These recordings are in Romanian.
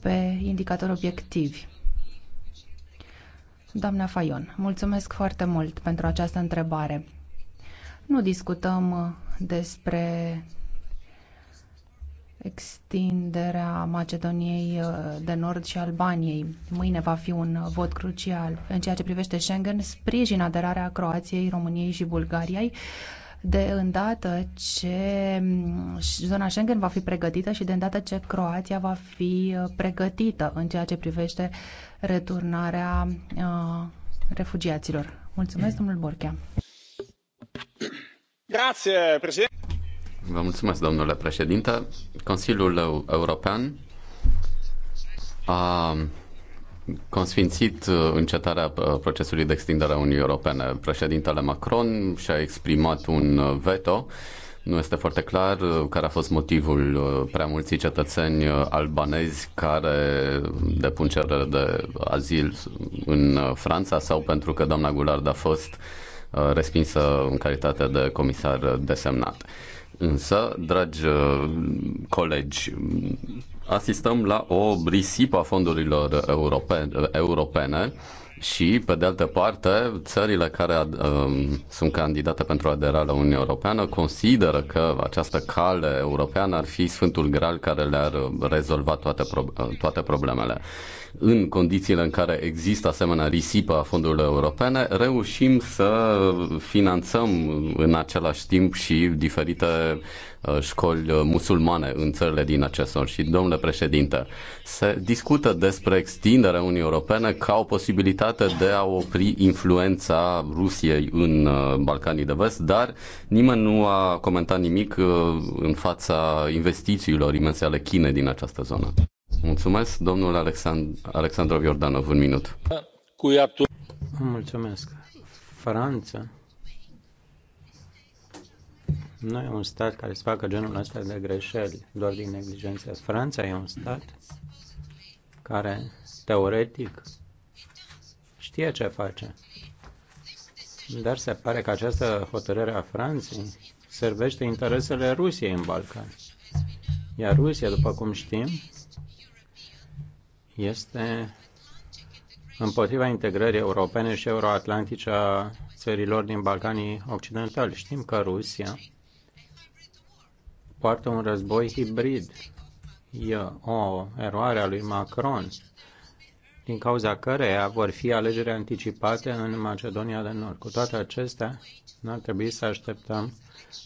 pe indicatori obiectivi. Doamna Fayon, mulțumesc foarte mult pentru această întrebare. Nu discutăm despre extinderea Macedoniei uh, de Nord și Albaniei. Mâine va fi un vot crucial. În ceea ce privește Schengen, sprijin aderarea Croației, României și Bulgariei de îndată ce mm, zona Schengen va fi pregătită și de îndată ce Croația va fi uh, pregătită în ceea ce privește returnarea uh, refugiaților. Mulțumesc, mm. domnul Borchea. președinte. Vă mulțumesc, domnule președinte. Consiliul European a consfințit uh, încetarea uh, procesului de extindere a Uniunii Europene. Președintele Macron și-a exprimat un uh, veto. Nu este foarte clar care a fost motivul prea mulții cetățeni albanezi care depun cerere de azil în Franța sau pentru că doamna Goulard a fost respinsă în calitate de comisar desemnat. Însă, dragi colegi, asistăm la o risipă a fondurilor europene, europene și, pe de altă parte, țările care um, sunt candidate pentru aderare la Uniunea Europeană consideră că această cale europeană ar fi Sfântul Graal care le-ar rezolva toate, pro- toate problemele în condițiile în care există asemenea risipă a fondurilor europene, reușim să finanțăm în același timp și diferite uh, școli uh, musulmane în țările din acest sor. Și, domnule președinte, se discută despre extinderea Uniunii Europene ca o posibilitate de a opri influența Rusiei în uh, Balcanii de Vest, dar nimeni nu a comentat nimic în fața investițiilor imense ale Chinei din această zonă. Mulțumesc, domnul Alexand- Alexandrov Iordanov, un minut. Mulțumesc. Franța nu e un stat care să facă genul ăsta de greșeli, doar din neglijență. Franța e un stat care, teoretic, știe ce face. Dar se pare că această hotărâre a Franței servește interesele Rusiei în Balcan. Iar Rusia, după cum știm, este împotriva integrării europene și euroatlantice a țărilor din Balcanii Occidentali. Știm că Rusia poartă un război hibrid. E o eroare a lui Macron, din cauza căreia vor fi alegeri anticipate în Macedonia de Nord. Cu toate acestea, nu ar trebui să așteptăm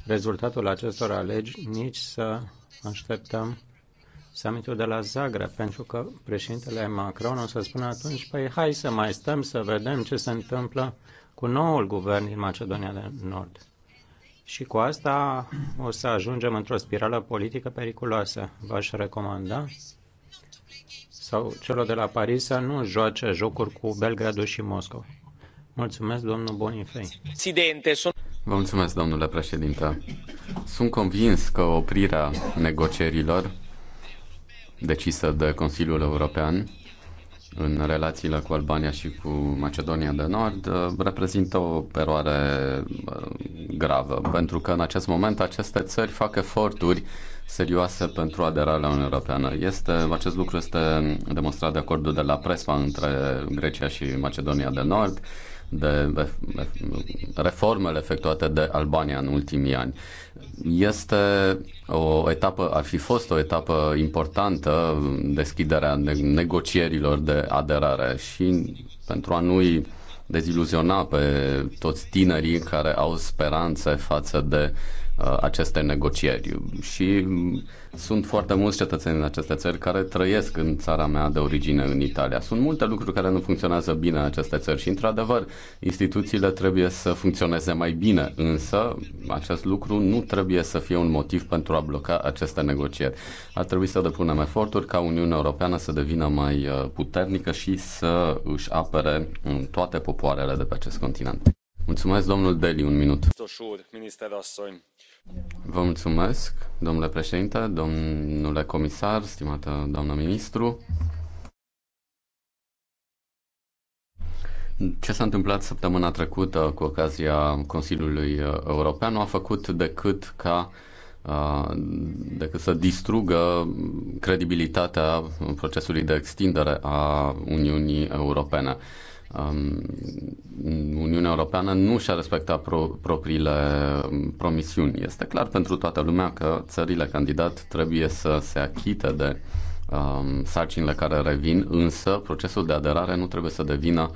rezultatul acestor alegeri, nici să așteptăm summitul de la Zagreb, pentru că președintele Macron o să spună atunci, păi hai să mai stăm să vedem ce se întâmplă cu noul guvern din Macedonia de Nord. Și cu asta o să ajungem într-o spirală politică periculoasă. V-aș recomanda sau celor de la Paris să nu joace jocuri cu Belgradul și Moscova. Mulțumesc, domnul Bonifei. Vă mulțumesc, domnule președinte. Sunt convins că oprirea negocierilor decisă de Consiliul European în relațiile cu Albania și cu Macedonia de Nord uh, reprezintă o eroare uh, gravă, pentru că în acest moment aceste țări fac eforturi serioase pentru aderarea la Uniunea Europeană. Este, acest lucru este demonstrat de acordul de la Prespa între Grecia și Macedonia de Nord, de reformele efectuate de Albania în ultimii ani. Este o etapă, ar fi fost o etapă importantă deschiderea negocierilor de aderare și pentru a nu-i deziluziona pe toți tinerii care au speranțe față de Uh, aceste negocieri. Și mm, sunt foarte mulți cetățeni în aceste țări care trăiesc în țara mea de origine, în Italia. Sunt multe lucruri care nu funcționează bine în aceste țări și, într-adevăr, instituțiile trebuie să funcționeze mai bine, însă acest lucru nu trebuie să fie un motiv pentru a bloca aceste negocieri. Ar trebui să depunem eforturi ca Uniunea Europeană să devină mai uh, puternică și să își apere toate popoarele de pe acest continent. Mulțumesc, domnul Deli, un minut. Vă mulțumesc, domnule președinte, domnule comisar, stimată doamnă ministru. Ce s-a întâmplat săptămâna trecută cu ocazia Consiliului European nu a făcut decât ca decât să distrugă credibilitatea procesului de extindere a Uniunii Europene. Um, Uniunea Europeană nu și-a respectat pro- propriile um, promisiuni. Este clar pentru toată lumea că țările candidat trebuie să se achite de um, sarcinile care revin, însă procesul de aderare nu trebuie să devină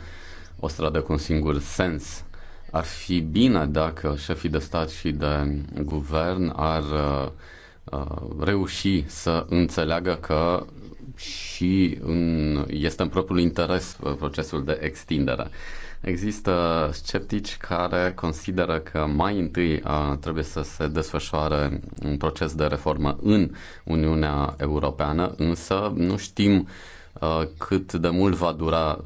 o stradă cu un singur sens. Ar fi bine dacă șefii de stat și de guvern ar uh, uh reuși să înțeleagă că și în, este în propriul interes procesul de extindere. Există sceptici care consideră că mai întâi trebuie să se desfășoare un proces de reformă în Uniunea Europeană, însă nu știm cât de mult va dura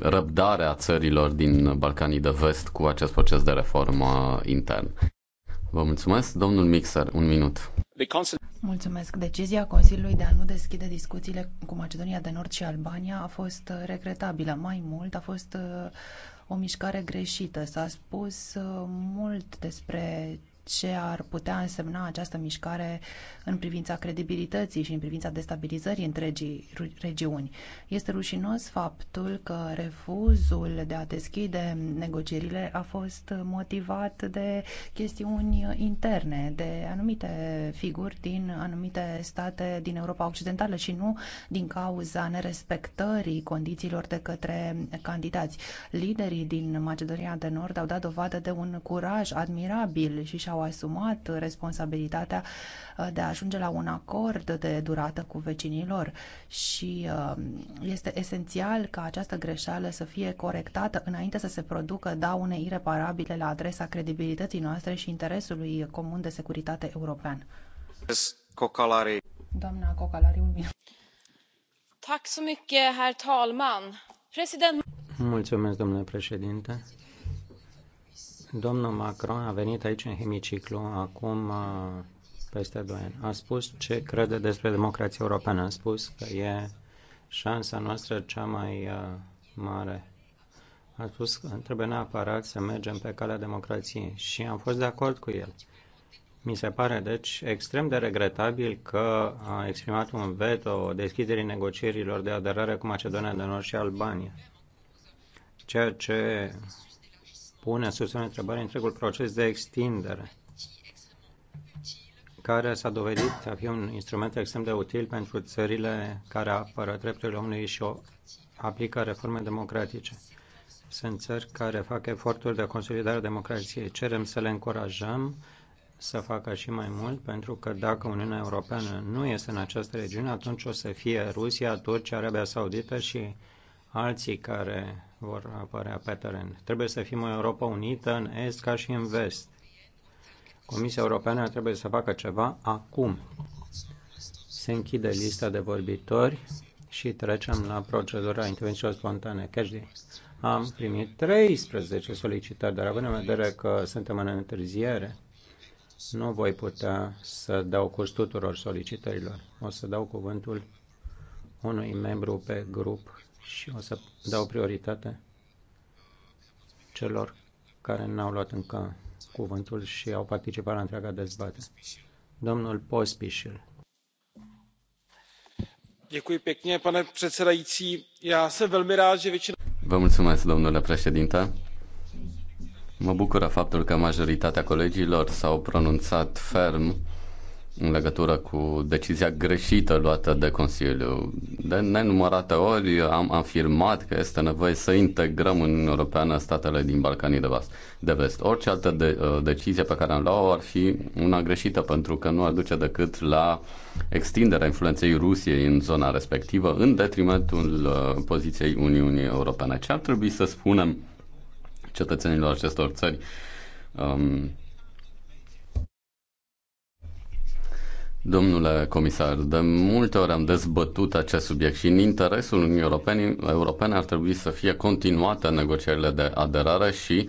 răbdarea țărilor din Balcanii de Vest cu acest proces de reformă intern. Vă mulțumesc, domnul Mixer, un minut. Mulțumesc. Decizia Consiliului de a nu deschide discuțiile cu Macedonia de Nord și Albania a fost uh, regretabilă. Mai mult, a fost uh, o mișcare greșită. S-a spus uh, mult despre ce ar putea însemna această mișcare în privința credibilității și în privința destabilizării întregii regiuni. Este rușinos faptul că refuzul de a deschide negocierile a fost motivat de chestiuni interne, de anumite figuri din anumite state din Europa Occidentală și nu din cauza nerespectării condițiilor de către candidați. Liderii din Macedonia de Nord au dat dovadă de un curaj admirabil și și-au și-au asumat responsabilitatea uh, de a ajunge la un acord de durată cu vecinilor și uh, este esențial ca această greșeală să fie corectată înainte să se producă daune ireparabile la adresa credibilității noastre și interesului comun de securitate european. Cocalari. Doamna Cocalari, un minut. Mulțumesc, domnule președinte Domnul Macron a venit aici în hemiciclu acum uh, peste 2 ani. A spus ce crede despre democrația europeană. A spus că e șansa noastră cea mai uh, mare. A spus că trebuie neapărat să mergem pe calea democrației și am fost de acord cu el. Mi se pare, deci, extrem de regretabil că a exprimat un veto deschiderii negocierilor de aderare cu Macedonia de Nord și Albania, ceea ce pune sus în întrebare întregul proces de extindere, care s-a dovedit a fi un instrument extrem de util pentru țările care apără drepturile omului și o aplică reforme democratice. Sunt țări care fac eforturi de consolidare a democrației. Cerem să le încurajăm să facă și mai mult, pentru că dacă Uniunea Europeană nu este în această regiune, atunci o să fie Rusia, Turcia, Arabia Saudită și alții care vor apărea pe teren. Trebuie să fim o Europa unită în est ca și în vest. Comisia Europeană trebuie să facă ceva acum. Se închide lista de vorbitori și trecem la procedura intervențiilor spontane. Cashdi, am primit 13 solicitări, dar având în vedere că suntem în întârziere, nu voi putea să dau curs tuturor solicitărilor. O să dau cuvântul unui membru pe grup și o să dau prioritate celor care n-au luat încă cuvântul și au participat la întreaga dezbatere. Domnul Pospișil. pane předsedající já jsem velmi rád že většina. Vă mulțumesc, domnule președinte. Mă bucură faptul că majoritatea colegilor s-au pronunțat ferm în legătură cu decizia greșită luată de Consiliu. De nenumărate ori am afirmat că este nevoie să integrăm în Uniunea Europeană statele din Balcanii de, Vest. de vest. Orice altă de, uh, decizie pe care am luat-o ar fi una greșită, pentru că nu ar duce decât la extinderea influenței Rusiei în zona respectivă, în detrimentul uh, poziției Uniunii Europene. Ce ar trebui să spunem cetățenilor acestor țări? Um, Domnule comisar, de multe ori am dezbătut acest subiect și în interesul Uniunii Europene, Europene ar trebui să fie continuate negocierile de aderare și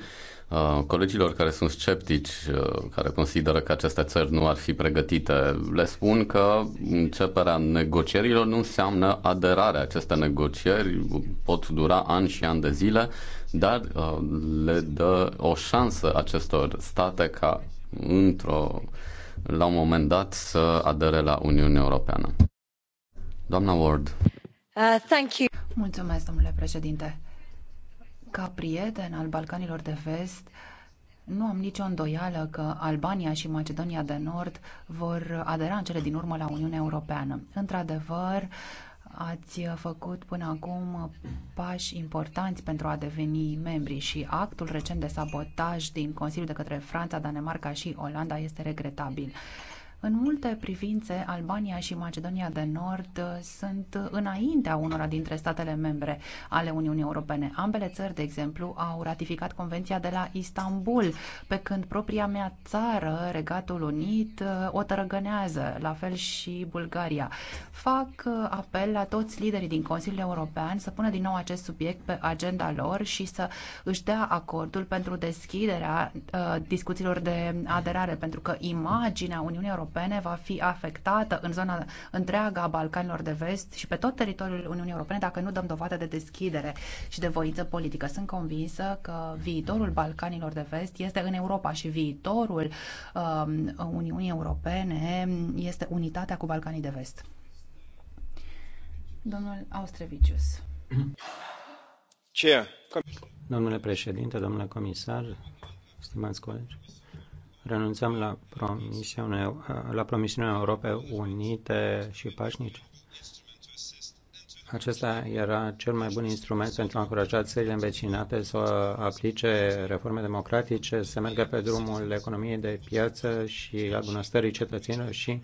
uh, colegilor care sunt sceptici, uh, care consideră că aceste țări nu ar fi pregătite, le spun că începerea negocierilor nu înseamnă aderare. Aceste negocieri pot dura ani și ani de zile, dar uh, le dă o șansă acestor state ca într-o uh, la un moment dat să adere la Uniunea Europeană. Doamna Ward. Uh, thank you. Mulțumesc, domnule președinte. Ca prieten al Balcanilor de Vest, nu am nicio îndoială că Albania și Macedonia de Nord vor adera în cele din urmă la Uniunea Europeană. Într-adevăr, Ați făcut până acum pași importanți pentru a deveni membri și actul recent de sabotaj din Consiliu de către Franța, Danemarca și Olanda este regretabil. În multe privințe, Albania și Macedonia de Nord uh, sunt înaintea unora dintre statele membre ale Uniunii Europene. Ambele țări, de exemplu, au ratificat Convenția de la Istanbul, pe când propria mea țară, Regatul Unit, uh, o tărăgânează, la fel și Bulgaria. Fac uh, apel la toți liderii din Consiliul European să pună din nou acest subiect pe agenda lor și să își dea acordul pentru deschiderea uh, discuțiilor de aderare, pentru că imaginea Uniunii Europene Europene va fi afectată în zona întreaga a Balcanilor de Vest și pe tot teritoriul Uniunii Europene dacă nu dăm dovadă de deschidere și de voință politică. Sunt convinsă că viitorul Balcanilor de Vest este în Europa și viitorul um, Uniunii Europene este unitatea cu Balcanii de Vest. Domnul Austrevicius. Ce? Domnule președinte, domnule comisar, stimați colegi, renunțăm la promisiunea, la promisiunea Europei Unite și pașnice? Acesta era cel mai bun instrument pentru a încuraja țările învecinate să aplice reforme democratice, să meargă pe drumul economiei de piață și al bunăstării cetățenilor și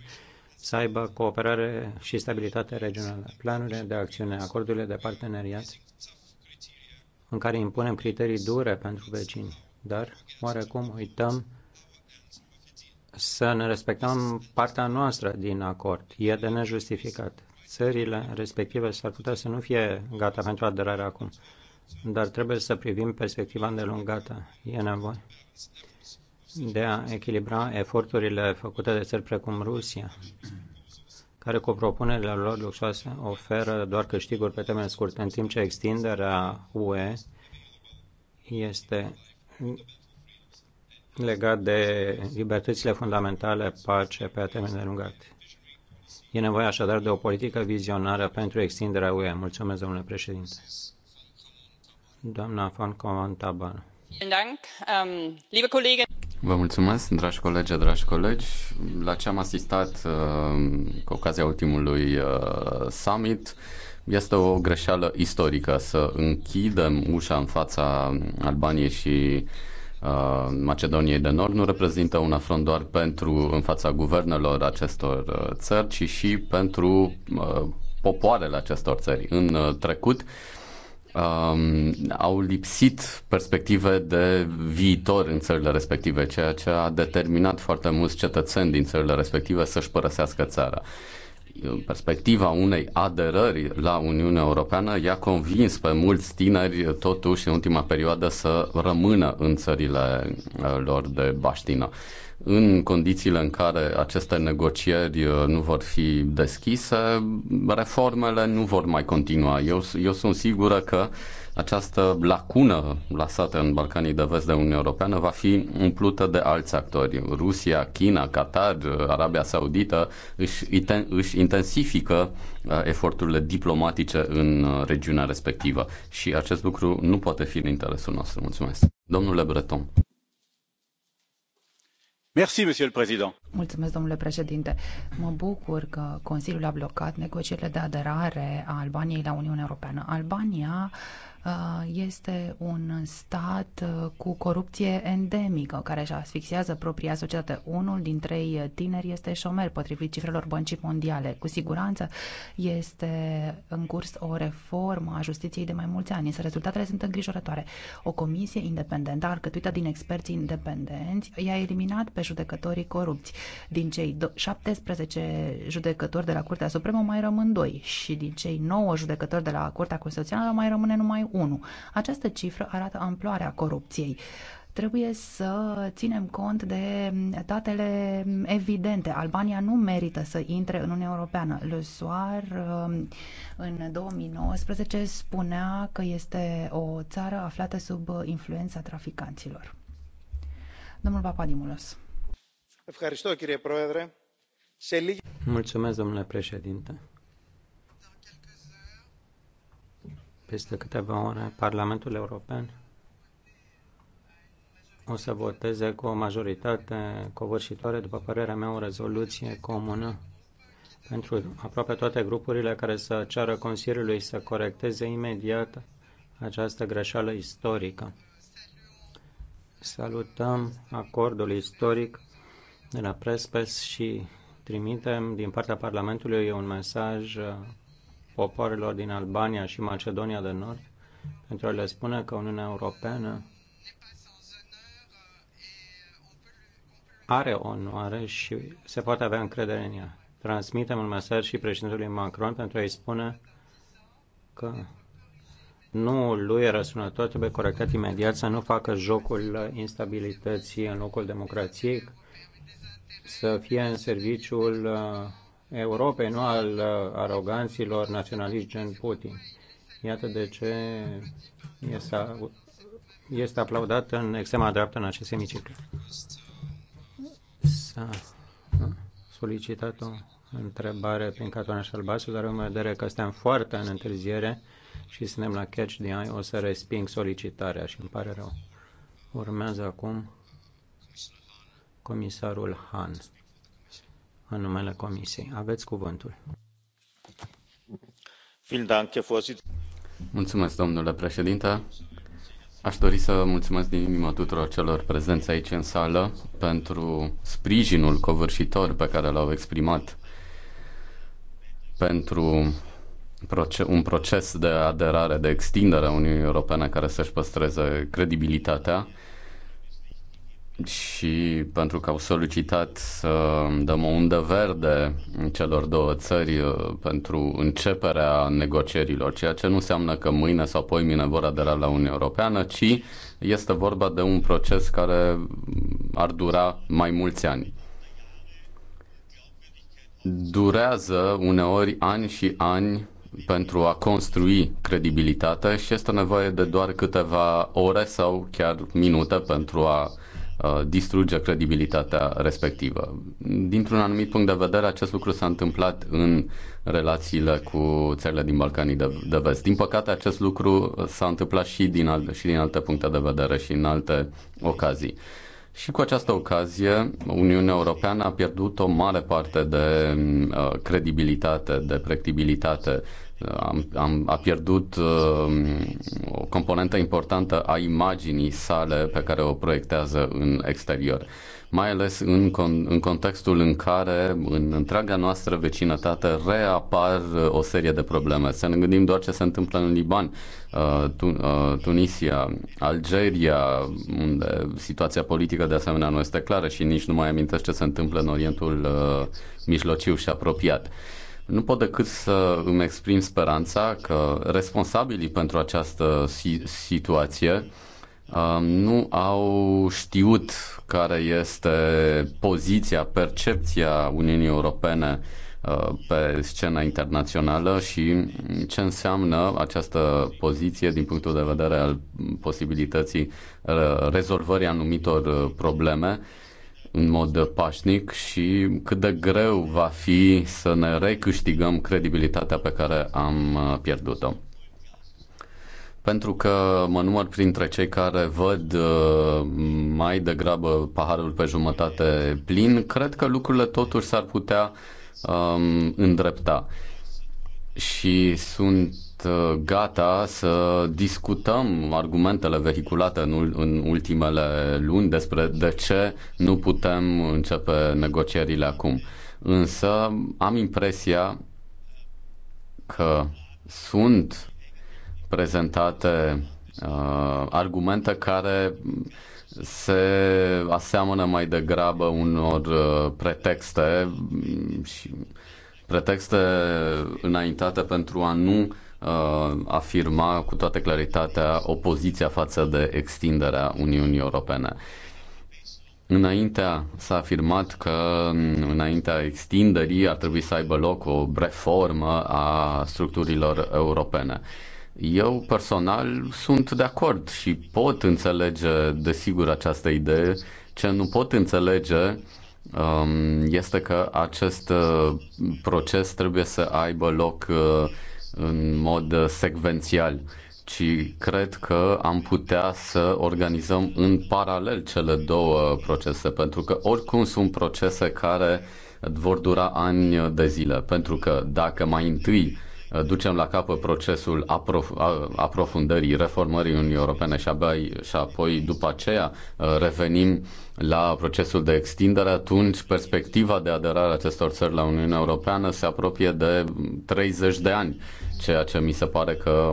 să aibă cooperare și stabilitate regională. Planurile de acțiune, acordurile de parteneriat, în care impunem criterii dure pentru vecini, dar oarecum uităm să ne respectăm partea noastră din acord. E de nejustificat. Țările respective s-ar putea să nu fie gata pentru aderare acum, dar trebuie să privim perspectiva îndelungată. E nevoie de a echilibra eforturile făcute de țări precum Rusia, care cu propunerile lor luxoase oferă doar câștiguri pe termen scurt, în timp ce extinderea UE este legat de libertățile fundamentale, pace pe termen lungat. E nevoie așadar de o politică vizionară pentru extinderea UE. Mulțumesc, domnule președinte. Doamna von Comantaban. Um, Vă mulțumesc, dragi colegi, dragi colegi. La ce am asistat uh, cu ocazia ultimului uh, summit, este o greșeală istorică să închidem ușa în fața Albaniei și Uh, Macedoniei de Nord nu reprezintă un afront doar pentru în fața guvernelor acestor uh, țări, ci și pentru uh, popoarele acestor țări. În trecut, um, au lipsit perspective de viitor în țările respective, ceea ce a determinat foarte mulți cetățeni din țările respective să-și părăsească țara perspectiva unei aderări la Uniunea Europeană i-a convins pe mulți tineri totuși în ultima perioadă să rămână în țările uh, lor de baștină. În condițiile în care aceste negocieri uh, nu vor fi deschise, reformele nu vor mai continua. Eu, eu sunt sigură că uh, această lacună lăsată în Balcanii de Vest de Uniunea Europeană va fi umplută de alți actori. Rusia, China, Qatar, Arabia Saudită își, își intensifică uh, eforturile diplomatice în uh, regiunea respectivă și acest lucru nu poate fi în interesul nostru. Mulțumesc. Domnule Breton. Mulțumesc, domnule președinte. Mă bucur că Consiliul a blocat negocierile de aderare a Albaniei la Uniunea Europeană. Albania uh, Uh, este un stat uh, cu corupție endemică, care își asfixiază propria societate. Unul din trei uh, tineri este șomer, potrivit cifrelor Băncii Mondiale. Cu siguranță este în curs o reformă a justiției de mai mulți ani, însă rezultatele sunt îngrijorătoare. O comisie independentă, alcătuită din experți independenți, i-a eliminat pe judecătorii corupți. Din cei 17 judecători de la Curtea Supremă mai rămân doi și din cei 9 judecători de la Curtea Constituțională mai rămâne numai 1. Această cifră arată amploarea corupției trebuie să ținem cont de datele evidente. Albania nu merită să intre în Uniunea Europeană. Le Soir um, în 2019 spunea că este o țară aflată sub influența traficanților. Domnul Papadimulos. Mulțumesc, domnule președinte. Peste câteva ore, Parlamentul European o să voteze cu o majoritate covârșitoare, după părerea mea, o rezoluție comună pentru aproape toate grupurile care să ceară Consiliului să corecteze imediat această greșeală istorică. Salutăm acordul istoric de la Prespes și trimitem din partea Parlamentului un mesaj popoarelor din Albania și Macedonia de Nord pentru a le spune că Uniunea Europeană are onoare și se poate avea încredere în ea. Transmitem un mesaj și președintelui Macron pentru a-i spune că nu lui răsunător trebuie corectat imediat să nu facă jocul instabilității în locul democrației, să fie în serviciul uh, Europei, nu al uh, aroganților naționaliști gen Putin. Iată de ce este, aplaudat în extrema dreaptă în acest semiciclu. S-a solicitat o întrebare prin cartonaș Șalbasu, dar în vedere că suntem foarte în întârziere și suntem la catch the eye, o să resping solicitarea și îmi pare rău. Urmează acum comisarul Han în numele Comisiei. Aveți cuvântul. Mulțumesc, domnule președinte. Aș dori să mulțumesc din inimă tuturor celor prezenți aici în sală pentru sprijinul covârșitor pe care l-au exprimat pentru un proces de aderare, de extindere a Uniunii Europene care să-și păstreze credibilitatea și pentru că au solicitat să dăm o undă verde în celor două țări uh, pentru începerea negocierilor, ceea ce nu înseamnă că mâine sau mine vor adera la Uniunea Europeană, ci este vorba de un proces care ar dura mai mulți ani. Durează uneori ani și ani pentru a construi credibilitate și este nevoie de doar câteva ore sau chiar minute pentru a Uh, distruge credibilitatea respectivă. Dintr-un anumit punct de vedere, acest lucru s-a întâmplat în relațiile cu țările din Balcanii de, de Vest. Din păcate, acest lucru s-a întâmplat și din, al, și din alte puncte de vedere și în alte ocazii. Și cu această ocazie, Uniunea Europeană a pierdut o mare parte de uh, credibilitate, de predictibilitate am, am, a pierdut uh, o componentă importantă a imaginii sale pe care o proiectează în exterior. Mai ales în, con- în contextul în care în întreaga noastră vecinătate reapar uh, o serie de probleme. Să ne gândim doar ce se întâmplă în Liban, uh, tu- uh, Tunisia, Algeria, unde situația politică de asemenea nu este clară și nici nu mai amintesc ce se întâmplă în Orientul uh, Mijlociu și apropiat. Uh, nu pot decât să îmi exprim speranța că responsabilii pentru această situație um, nu au știut care este poziția, percepția Uniunii Europene uh, pe scena internațională și ce înseamnă această poziție din punctul de vedere al posibilității uh, rezolvării anumitor uh, probleme în mod pașnic și cât de greu va fi să ne recâștigăm credibilitatea pe care am uh, pierdut-o. Pentru că mă număr printre cei care văd uh, mai degrabă paharul pe jumătate plin, cred că lucrurile totuși s-ar putea um, îndrepta. Și sunt Uh, gata să discutăm argumentele vehiculate în, în ultimele luni despre de ce nu putem începe negocierile acum. Însă am impresia că sunt prezentate uh, argumente care se aseamănă mai degrabă unor uh, pretexte și pretexte înaintate pentru a nu Uh, afirma cu toată claritatea opoziția față de extinderea Uniunii Europene. Înaintea s-a afirmat că mm, înaintea extinderii ar trebui să aibă loc o reformă a structurilor europene. Eu personal sunt de acord și pot înțelege desigur această idee. Ce nu pot înțelege um, este că acest uh, proces trebuie să aibă loc uh, în mod uh, secvențial, ci cred că am putea să organizăm în paralel cele două procese, pentru că oricum sunt procese care vor dura ani de zile, pentru că dacă mai întâi Uh, ducem la capăt procesul aprof- aprofundării, reformării Uniunii Europene și, abia, și apoi după aceea uh, revenim la procesul de extindere, atunci perspectiva de aderare a acestor țări la Uniunea Europeană se apropie de 30 de ani, ceea ce mi se pare că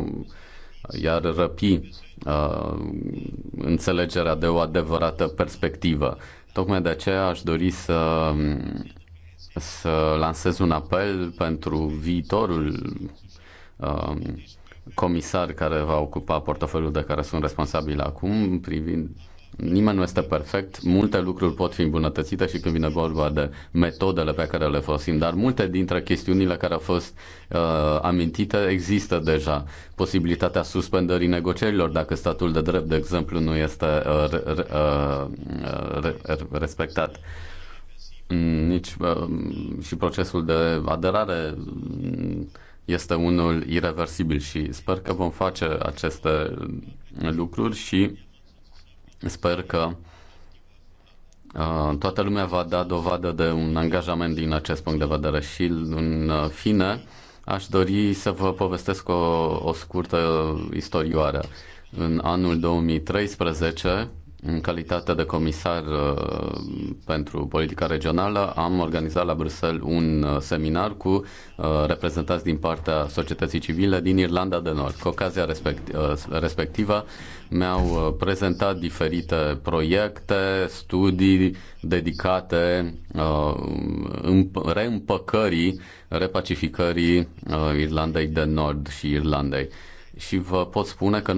iar răpi uh, înțelegerea de o adevărată perspectivă. Tocmai de aceea aș dori să să lansez un apel pentru viitorul um, comisar care va ocupa portofelul de care sunt responsabil acum, privind Nimeni nu este perfect, multe lucruri pot fi îmbunătățite și când vine vorba de metodele pe care le folosim, dar multe dintre chestiunile care au fost uh, amintite există deja. Posibilitatea suspendării negocierilor dacă statul de drept, de exemplu, nu este uh, re, uh, re, respectat. Uh, nici și procesul de aderare este unul irreversibil și sper că vom face aceste lucruri și sper că toată lumea va da dovadă de un angajament din acest punct de vedere și în fine aș dori să vă povestesc o, o scurtă istorioară. În anul 2013 în calitate de comisar uh, pentru politica regională, am organizat la Bruxelles un uh, seminar cu uh, reprezentanți din partea societății civile din Irlanda de Nord. Cu ocazia respectivă mi-au prezentat diferite proiecte, studii dedicate reîmpăcării, repacificării Irlandei de Nord și Irlandei și vă pot spune că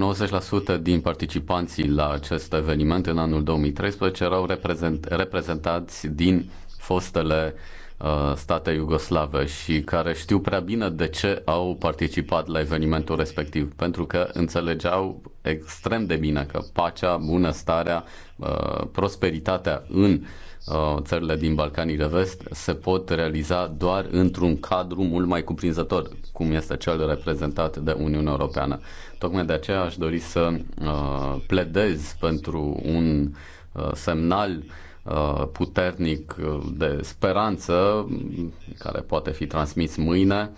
90% din participanții la acest eveniment în anul 2013 erau reprezent, reprezentați din fostele uh, state iugoslave și care știu prea bine de ce au participat la evenimentul respectiv, pentru că înțelegeau extrem de bine că pacea, bunăstarea, uh, prosperitatea în uh, Uh, țările din Balcanii de Vest se pot realiza doar într-un cadru mult mai cuprinzător, cum este cel reprezentat de Uniunea Europeană. Tocmai de aceea aș dori să uh, pledez pentru un uh, semnal puternic de speranță care poate fi transmis mâine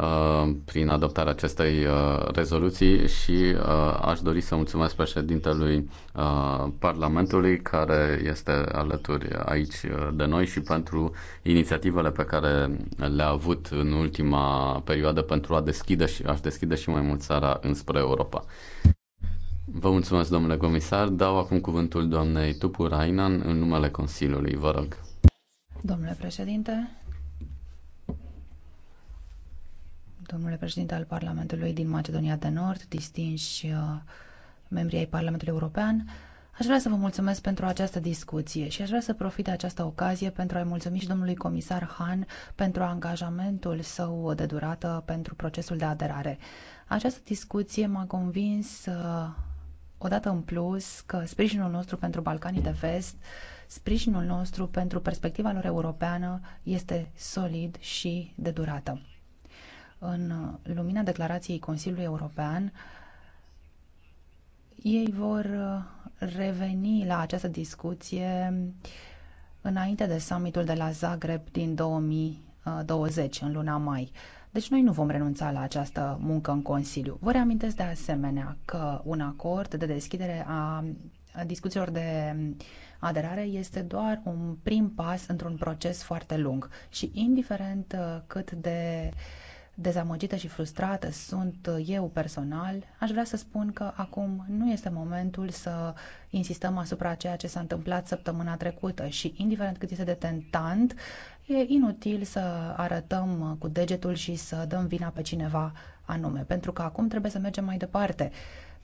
Uh, prin adoptarea acestei uh, rezoluții și uh, aș dori să mulțumesc președintelui Parlamentului care este alături aici de noi și pentru inițiativele pe care le-a avut în ultima perioadă pentru a deschide și aș deschide și mai mult țara înspre Europa. Vă mulțumesc, domnule comisar. Dau acum cuvântul doamnei Tupu Rainan în numele Consiliului. Vă rog. Domnule președinte, domnule președinte al Parlamentului din Macedonia de Nord, distinși uh, membrii ai Parlamentului European, Aș vrea să vă mulțumesc pentru această discuție și aș vrea să profit de această ocazie pentru a-i mulțumi și domnului comisar Han pentru angajamentul său de durată pentru procesul de aderare. Această discuție m-a convins uh, odată în plus că sprijinul nostru pentru Balcanii de Vest, sprijinul nostru pentru perspectiva lor europeană este solid și de durată. În uh, lumina declarației Consiliului European, ei vor uh, reveni la această discuție înainte de summitul de la Zagreb din 2020, uh, în luna mai. Deci noi nu vom renunța la această muncă în Consiliu. Vă reamintesc de asemenea că un acord de deschidere a discuțiilor de um, aderare este doar un prim pas într-un proces foarte lung și indiferent cât de uh, dezamăgită și frustrată sunt eu personal, aș vrea să spun că acum nu este momentul să insistăm asupra ceea ce s-a întâmplat săptămâna trecută și, indiferent cât este de tentant, e inutil să arătăm cu degetul și să dăm vina pe cineva anume, pentru că acum trebuie să mergem mai departe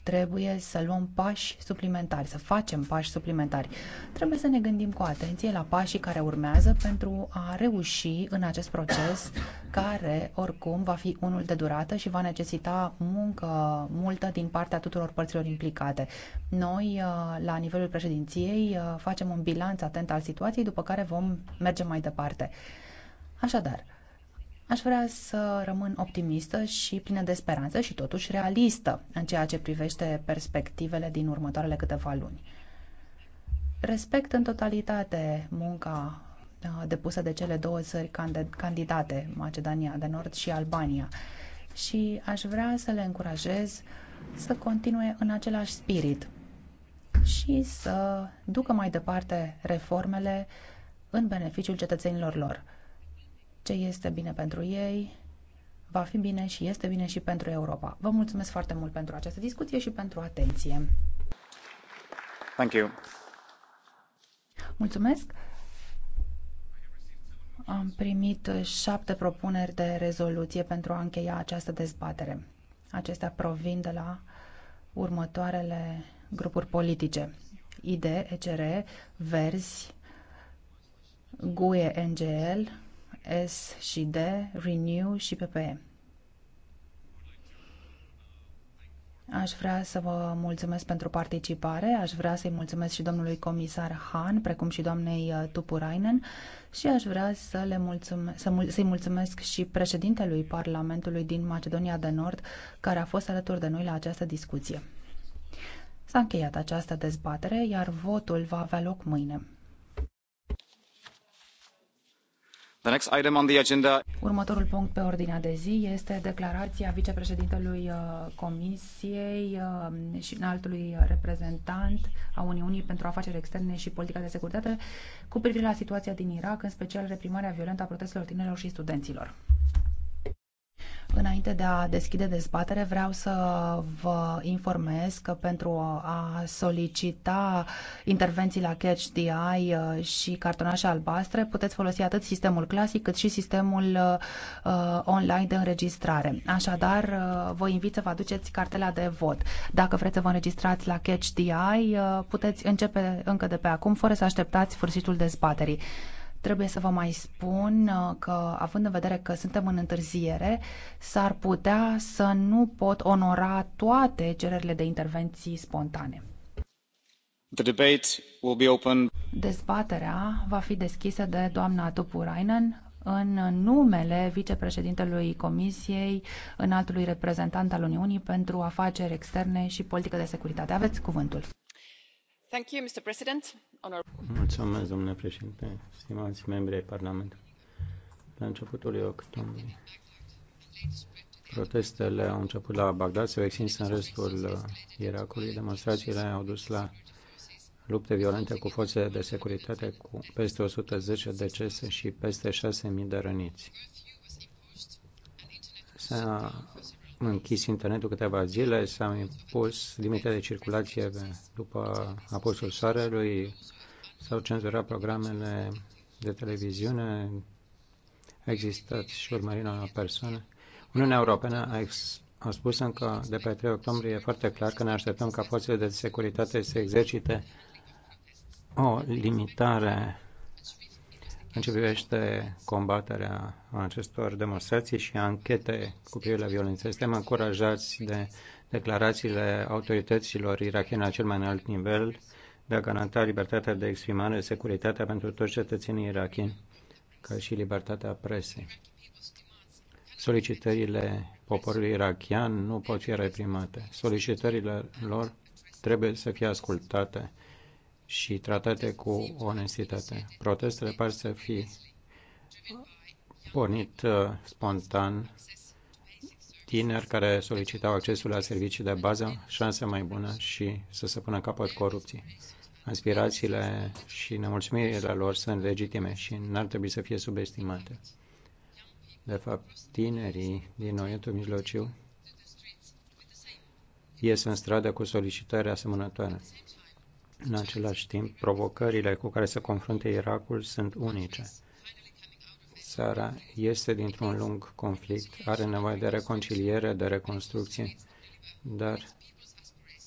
trebuie să luăm pași suplimentari, să facem pași suplimentari. Trebuie să ne gândim cu atenție la pașii care urmează pentru a reuși în acest proces care oricum va fi unul de durată și va necesita muncă multă din partea tuturor părților implicate. Noi, uh, la nivelul președinției, uh, facem un bilanț atent al situației, după care vom merge mai departe. Așadar, Aș vrea să rămân optimistă și plină de speranță și totuși realistă în ceea ce privește perspectivele din următoarele câteva luni. Respect în totalitate munca uh, depusă de cele două țări candidate, Macedonia de Nord și Albania, și aș vrea să le încurajez să continue în același spirit și să ducă mai departe reformele în beneficiul cetățenilor lor. Ce este bine pentru ei va fi bine și este bine și pentru Europa. Vă mulțumesc foarte mult pentru această discuție și pentru atenție. Thank you. Mulțumesc. Am primit șapte propuneri de rezoluție pentru a încheia această dezbatere. Acestea provin de la următoarele grupuri politice. ID, ECR, Verzi, GUE, NGL, S și D, Renew și PPE. Aș vrea să vă mulțumesc pentru participare, aș vrea să-i mulțumesc și domnului comisar Han, precum și doamnei uh, Tupurainen și aș vrea să le mulțumesc, să mul- să-i mulțumesc și președintelui Parlamentului din Macedonia de Nord, care a fost alături de noi la această discuție. S-a încheiat această dezbatere, iar votul va avea loc mâine. The next item on the agenda. Următorul punct pe ordinea de zi este declarația vicepreședintelui uh, Comisiei uh, și înaltului reprezentant a Uniunii pentru Afaceri Externe și Politica de Securitate cu privire la situația din Irak, în special reprimarea violentă a protestelor tinerilor și studenților. Înainte de a deschide dezbatere, vreau să vă informez că pentru a solicita intervenții la Catch the Eye uh, și cartonașe albastre, puteți folosi atât sistemul clasic cât și sistemul uh, online de înregistrare. Așadar, uh, vă invit să vă aduceți cartela de vot. Dacă vreți să vă înregistrați la Catch the Eye, uh, puteți începe încă de pe acum, fără să așteptați sfârșitul dezbaterii. Trebuie să vă mai spun uh, că, având în vedere că suntem în întârziere, s-ar putea să nu pot onora toate cererile de intervenții spontane. The debate will be open. Dezbaterea va fi deschisă de doamna Tupurainen în numele vicepreședintelui Comisiei, înaltului reprezentant al Uniunii pentru afaceri externe și politică de securitate. Aveți cuvântul. Mulțumesc, domnule președinte, stimați membri ai Parlamentului. La începutul lui octombrie, protestele au început la Bagdad, s-au extins în restul Irakului. Demonstrațiile au dus la lupte violente cu forțe de securitate, cu peste 110 decese și peste 6.000 de răniți. S-a închis internetul câteva zile, s-au impus limite de circulație după apusul soarelui, s-au cenzurat programele de televiziune, a existat și urmărirea unor persoane. Uniunea Europeană a, ex- a spus încă de pe 3 octombrie foarte clar că ne așteptăm ca forțele de securitate să exercite o limitare în ce privește combaterea acestor demonstrații și anchete cu privire la violență. Suntem încurajați de declarațiile autorităților irachene la cel mai înalt nivel de a garanta libertatea de exprimare, securitatea pentru toți cetățenii irachini, ca și libertatea presei. Solicitările poporului irachian nu pot fi reprimate. Solicitările lor trebuie să fie ascultate și tratate cu onestitate. Protestele par să fi pornit uh, spontan tineri care solicitau accesul la servicii de bază, șanse mai bune și să se pună capăt corupției. Aspirațiile și nemulțumirile lor sunt legitime și n-ar trebui să fie subestimate. De fapt, tinerii din Orientul Mijlociu ies în stradă cu solicitări asemănătoare. În același timp, provocările cu care se confruntă Irakul sunt unice. Țara este dintr-un lung conflict, are nevoie de reconciliere, de reconstrucție, dar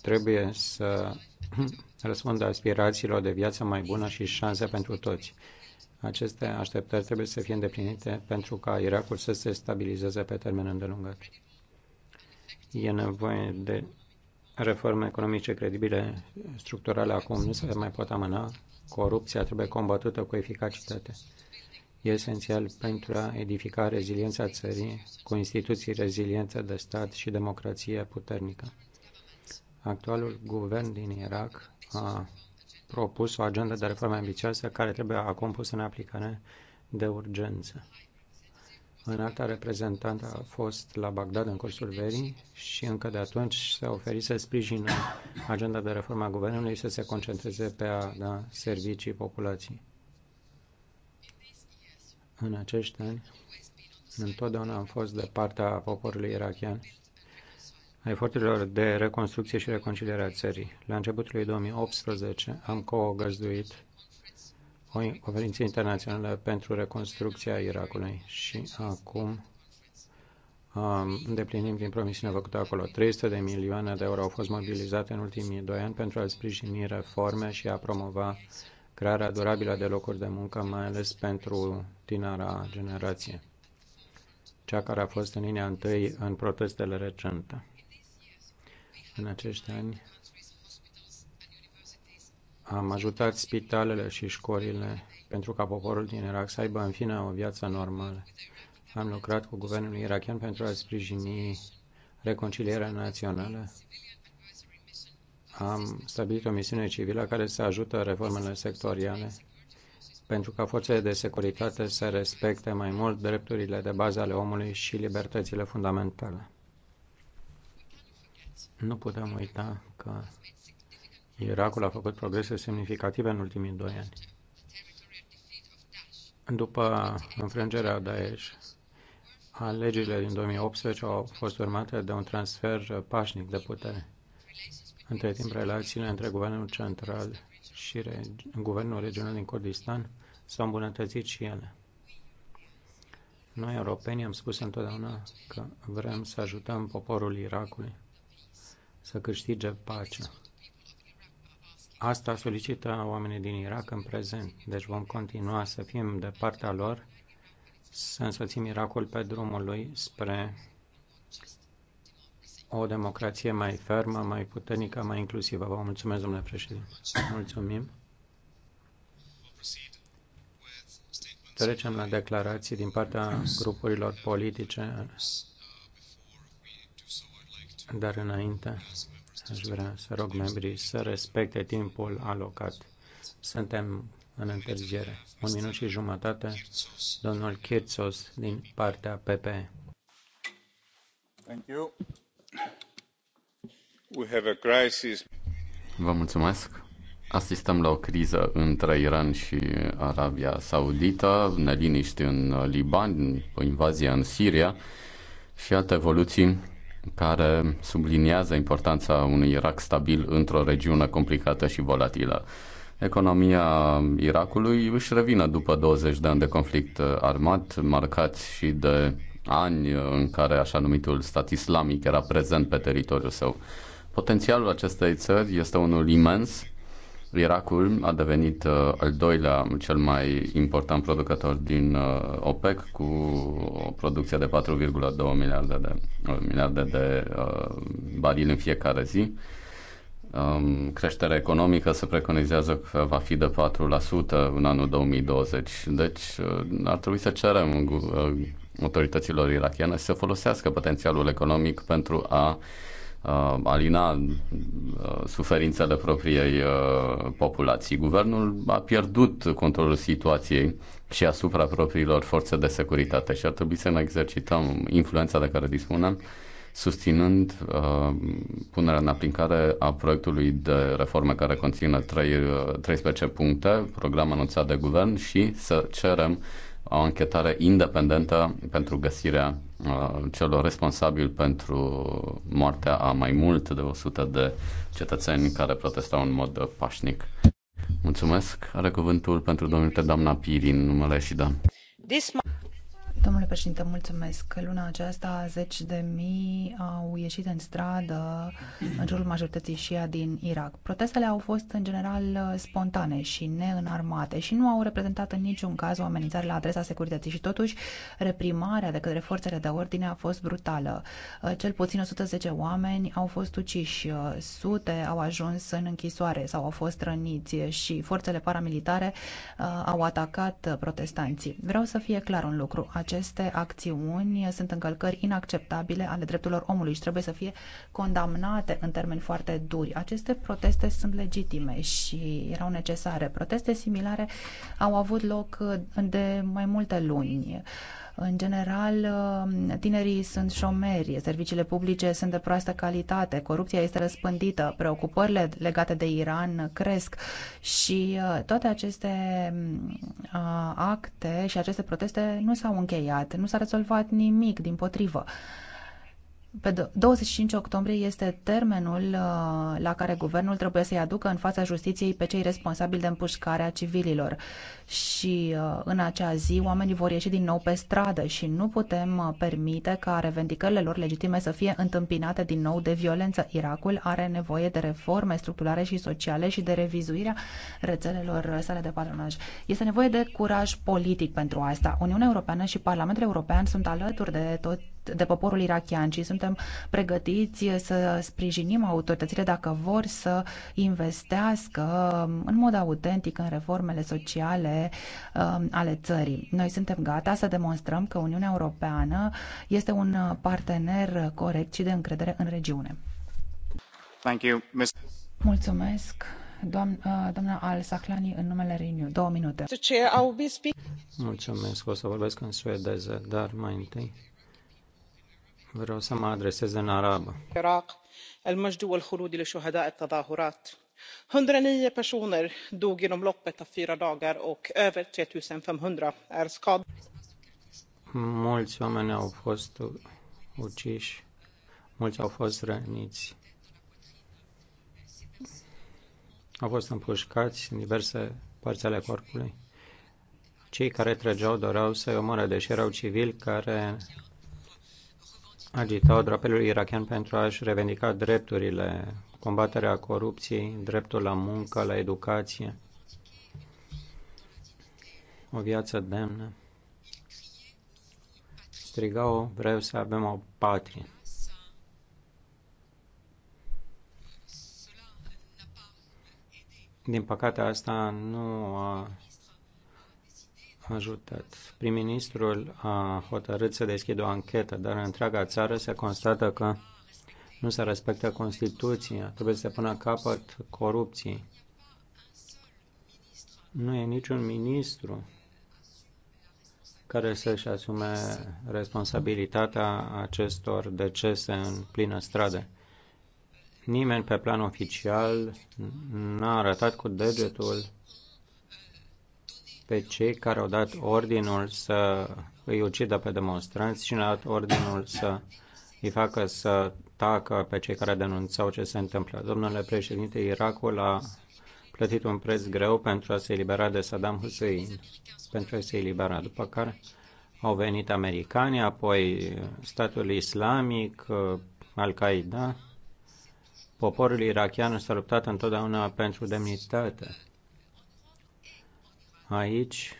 trebuie să răspundă aspirațiilor de viață mai bună și șanse pentru toți. Aceste așteptări trebuie să fie îndeplinite pentru ca Irakul să se stabilizeze pe termen îndelungat. E nevoie de reforme economice credibile, structurale acum nu se mai pot amâna. Corupția trebuie combătută cu eficacitate. E esențial pentru a edifica reziliența țării cu instituții reziliente de stat și democrație puternică. Actualul guvern din Irak a propus o agendă de reforme ambițioasă care trebuie acum pusă în aplicare de urgență. Înalta reprezentantă a fost la Bagdad în cursul verii și încă de atunci s-a oferit să sprijină agenda de reformă a guvernului să se concentreze pe a da servicii populației. În acești ani, întotdeauna am fost de partea poporului irachian a eforturilor de reconstrucție și reconciliere a țării. La începutul lui 2018 am co-găzduit conferință internaționale pentru reconstrucția Irakului și acum îndeplinim din promisiunea făcută acolo. 300 de milioane de euro au fost mobilizate în ultimii doi ani pentru a sprijini reforme și a promova crearea durabilă de locuri de muncă, mai ales pentru tinera generație, cea care a fost în linia întâi în protestele recente. În acești ani am ajutat spitalele și școlile pentru ca poporul din Irak să aibă în fine o viață normală. Am lucrat cu guvernul irakian pentru a sprijini reconcilierea națională. Am stabilit o misiune civilă care să ajută reformele sectoriale pentru ca forțele de securitate să respecte mai mult drepturile de bază ale omului și libertățile fundamentale. Nu putem uita că Irakul a făcut progrese semnificative în ultimii doi ani. După înfrângerea Daesh, alegerile din 2018 au fost urmate de un transfer pașnic de putere. Între timp, relațiile între guvernul central și regi- guvernul regional din Kurdistan s-au îmbunătățit și ele. Noi, europenii, am spus întotdeauna că vrem să ajutăm poporul Irakului să câștige pacea. Asta solicită oamenii din Irak în prezent, deci vom continua să fim de partea lor, să însoțim Irakul pe drumul lui spre o democrație mai fermă, mai puternică, mai inclusivă. Vă mulțumesc, domnule președinte. Mulțumim. Trecem la declarații din partea grupurilor politice, dar înainte Aș vrea să rog membrii să respecte timpul alocat. Suntem în întârziere. Un minut și jumătate, domnul Kirțos din partea PP. Thank you. We have a crisis. Vă mulțumesc. Asistăm la o criză între Iran și Arabia Saudită, neliniști în Liban, o invazie în Siria și alte evoluții care subliniază importanța unui Irak stabil într-o regiune complicată și volatilă. Economia Irakului își revine după 20 de ani de conflict uh, armat, marcat și de ani uh, în care așa numitul stat islamic era prezent pe teritoriul său. Potențialul acestei țări este unul imens Irakul a devenit uh, al doilea cel mai important producător din uh, OPEC cu o producție de 4,2 miliarde de, uh, miliarde de uh, barili în fiecare zi. Um, creșterea economică se preconizează că va fi de 4% în anul 2020. Deci uh, ar trebui să cerem uh, autorităților irachiene să folosească potențialul economic pentru a uh, uh, alina uh, suferințele propriei uh, populații. Guvernul a pierdut controlul situației și asupra propriilor forțe de securitate și ar trebui să ne exercităm influența de care dispunem susținând uh, punerea în aplicare a proiectului de reformă care conține 3, 13 uh, puncte, program anunțat de guvern și să cerem uh, o anchetare independentă pentru găsirea uh, celor responsabili pentru moartea a mai mult de 100 de cetățeni care protestau în mod pașnic. Mulțumesc. Are cuvântul pentru domnul doamna Pirin, numele și da. Domnule președinte, mulțumesc. Luna aceasta zeci de mii au ieșit în stradă în jurul majorității șia din Irak. Protestele au fost în general spontane și neînarmate și nu au reprezentat în niciun caz o amenințare la adresa securității și totuși reprimarea de către forțele de ordine a fost brutală. Cel puțin 110 oameni au fost uciși, sute au ajuns în închisoare sau au fost răniți și forțele paramilitare uh, au atacat protestanții. Vreau să fie clar un lucru. Acest aceste acțiuni sunt încălcări inacceptabile ale drepturilor omului și trebuie să fie condamnate în termeni foarte duri. Aceste proteste sunt legitime și erau necesare. Proteste similare au avut loc de mai multe luni. Uh, în general, um, tinerii sunt șomeri, serviciile publice sunt de proastă calitate, corupția este răspândită, preocupările legate de Iran cresc și uh, toate aceste um, uh, acte și aceste proteste nu s-au încheiat, nu s-a rezolvat nimic, din potrivă. Pe 25 octombrie este termenul uh, la care guvernul trebuie să-i aducă în fața justiției pe cei responsabili de împușcarea civililor. Și uh, în acea zi oamenii vor ieși din nou pe stradă și nu putem uh, permite ca revendicările lor legitime să fie întâmpinate din nou de violență. Irakul are nevoie de reforme structurale și sociale și de revizuirea rețelelor sale de patronaj. Este nevoie de curaj politic pentru asta. Uniunea Europeană și Parlamentul European sunt alături de toți de poporul irachian ci suntem pregătiți să sprijinim autoritățile dacă vor să investească în mod autentic în reformele sociale um, ale țării. Noi suntem gata să demonstrăm că Uniunea Europeană este un partener corect și de încredere în regiune. Thank you, Ms. Mulțumesc. Uh, doamna, doamna Al Sahlani, în numele Renew, două minute. Mulțumesc, o să vorbesc în suedeză, dar mai întâi Vreau să mă adresez în arabă. Irak, el المجد shuhada al tadahurat. 109 personer dog inom loppet av fyra dagar och över 3500 är skadade. Mulți oameni au fost uciși, mulți au fost răniți. Au fost împușcați în diverse părți ale corpului. Cei care trăgeau doreau să omoare, deși erau civili care agitau drapelul irachian pentru a-și revendica drepturile, combaterea corupției, dreptul la muncă, la educație, o viață demnă. Strigau, vreau să avem o patrie. Din păcate, asta nu a Ajutat. Prim-ministrul a hotărât să deschidă o anchetă, dar în întreaga țară se constată că nu se respectă Constituția. Trebuie să se pună capăt corupției. Nu e niciun ministru care să-și asume responsabilitatea acestor decese în plină stradă. Nimeni pe plan oficial n-a arătat cu degetul pe cei care au dat ordinul să îi ucidă pe demonstranți și ne a dat ordinul să îi facă să tacă pe cei care denunțau ce se întâmplă. Domnule președinte, Irakul a plătit un preț greu pentru a se elibera de Saddam Hussein, pentru a se elibera, după care au venit americanii, apoi statul islamic, Al-Qaeda. Poporul irachian s-a luptat întotdeauna pentru demnitate aici,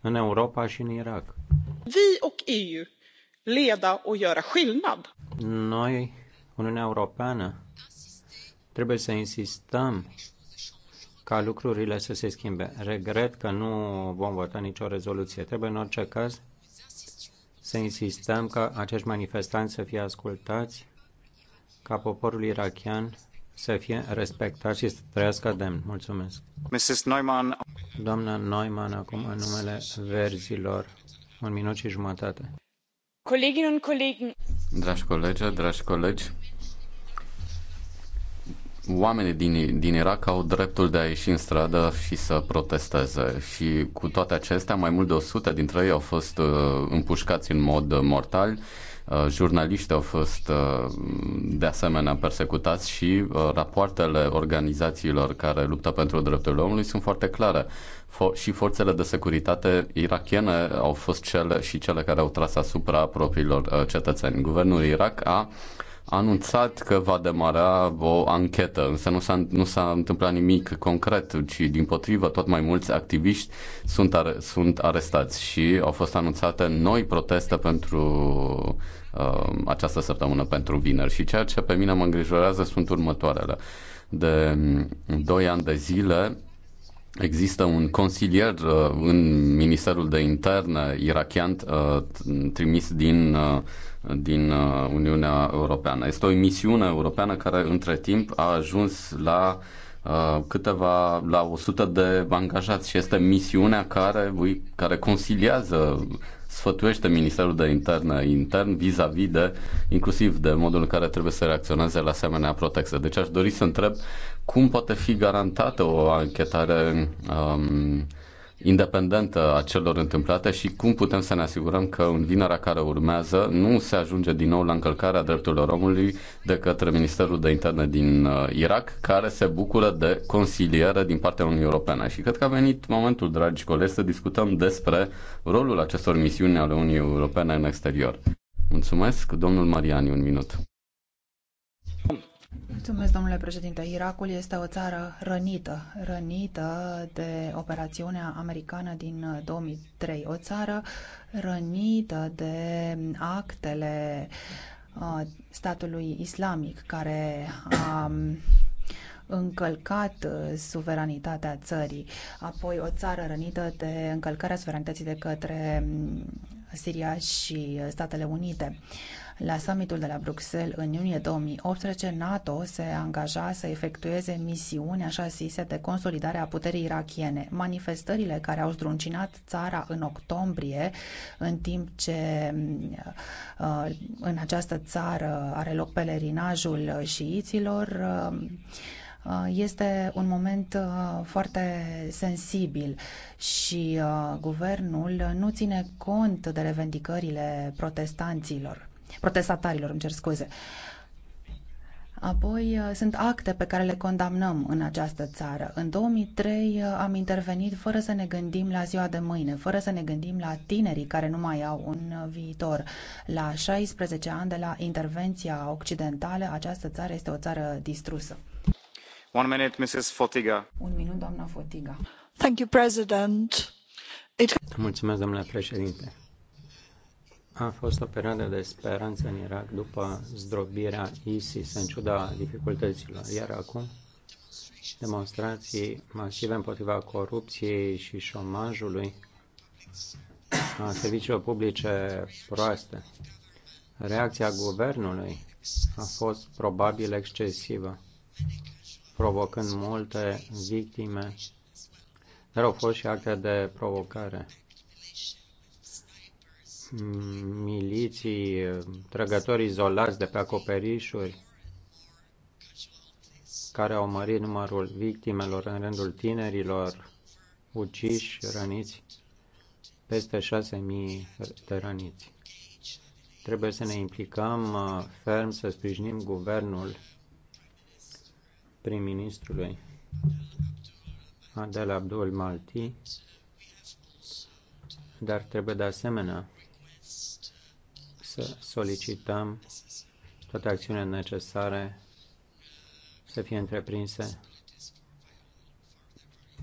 în Europa și în Irak. Vi och EU leda och göra skillnad. Noi, Uniunea Europeană, trebuie să insistăm ca lucrurile să se schimbe. Regret că nu vom vota nicio rezoluție. Trebuie în orice caz să insistăm ca acești manifestanți să fie ascultați, ca poporul irachian să fie respectat și să trăiască demn. Mulțumesc. Mrs. Neumann. Doamna Neumann, acum în numele verzilor. Un minut și jumătate. Colegii colegi. Dragi colegi, dragi colegi, oamenii din, din Irak au dreptul de a ieși în stradă și să protesteze și cu toate acestea mai mult de 100 dintre ei au fost uh, împușcați în mod uh, mortal Uh, jurnaliști au fost uh, de asemenea persecutați și uh, rapoartele organizațiilor care luptă pentru drepturile omului sunt foarte clare. și forțele de securitate irachiene au fost cele și cele care au tras asupra propriilor cetățeni. Guvernul Irak a a anunțat că va demara o anchetă, însă nu s-a, nu s-a întâmplat nimic concret, ci din potrivă tot mai mulți activiști sunt, are, sunt arestați și au fost anunțate noi proteste pentru uh, această săptămână, pentru vineri. Și ceea ce pe mine mă îngrijorează sunt următoarele. De 2 mm, ani de zile Există un consilier uh, în Ministerul de Interne irachian uh, trimis din uh, din uh, Uniunea Europeană. Este o misiune europeană care între timp a ajuns la uh, câteva, la 100 de angajați și este misiunea care, care conciliază, sfătuiește Ministerul de Interne intern vis-a-vis -vis de, inclusiv de modul în care trebuie să reacționeze la asemenea protecție. Deci aș dori să întreb cum poate fi garantată o anchetare um, independentă a celor întâmplate și cum putem să ne asigurăm că în vinerea care urmează nu se ajunge din nou la încălcarea drepturilor omului de către Ministerul de Interne din uh, Irak, care se bucură de consiliere din partea Uniunii Europene. Și cred că a venit momentul, dragi colegi, să discutăm despre rolul acestor misiuni ale Uniunii Europene în exterior. Mulțumesc, domnul Mariani, un minut. Mulțumesc, domnule președinte. Irakul este o țară rănită, rănită de operațiunea americană din 2003, o țară rănită de actele uh, statului islamic care a um, încălcat uh, suveranitatea țării, apoi o țară rănită de încălcarea suveranității de către um, Siria și uh, Statele Unite. Uh, la summitul de la Bruxelles în iunie 2018, NATO se angaja să efectueze misiuni așa zise de consolidare a puterii irakiene. Manifestările care au zdruncinat țara în octombrie, în timp ce uh, în această țară are loc pelerinajul șiiților, uh, este un moment uh, foarte sensibil și guvernul nu ține cont de revendicările protestanților protestatarilor, îmi cer scuze. Apoi uh, sunt acte pe care le condamnăm în această țară. În 2003 uh, am intervenit fără să ne gândim la ziua de mâine, fără să ne gândim la tinerii care nu mai au un uh, viitor. La 16 ani de la intervenția occidentală, această țară este o țară distrusă. One minute, Mrs. Fotiga. Un minut, doamna Fotiga. Thank you, President. It... Mulțumesc, domnule președinte a fost o perioadă de speranță în Irak după zdrobirea ISIS, în ciuda dificultăților. Iar acum, demonstrații masive împotriva corupției și șomajului, a serviciilor publice proaste. Reacția guvernului a fost probabil excesivă, provocând multe victime, dar au fost și acte de provocare miliții, trăgători izolați de pe acoperișuri, care au mărit numărul victimelor în rândul tinerilor uciși, răniți, peste 6.000 de răniți. Trebuie să ne implicăm uh, ferm să sprijinim guvernul prim-ministrului Adel Abdul Malti, dar trebuie de asemenea să solicităm toate acțiunile necesare să fie întreprinse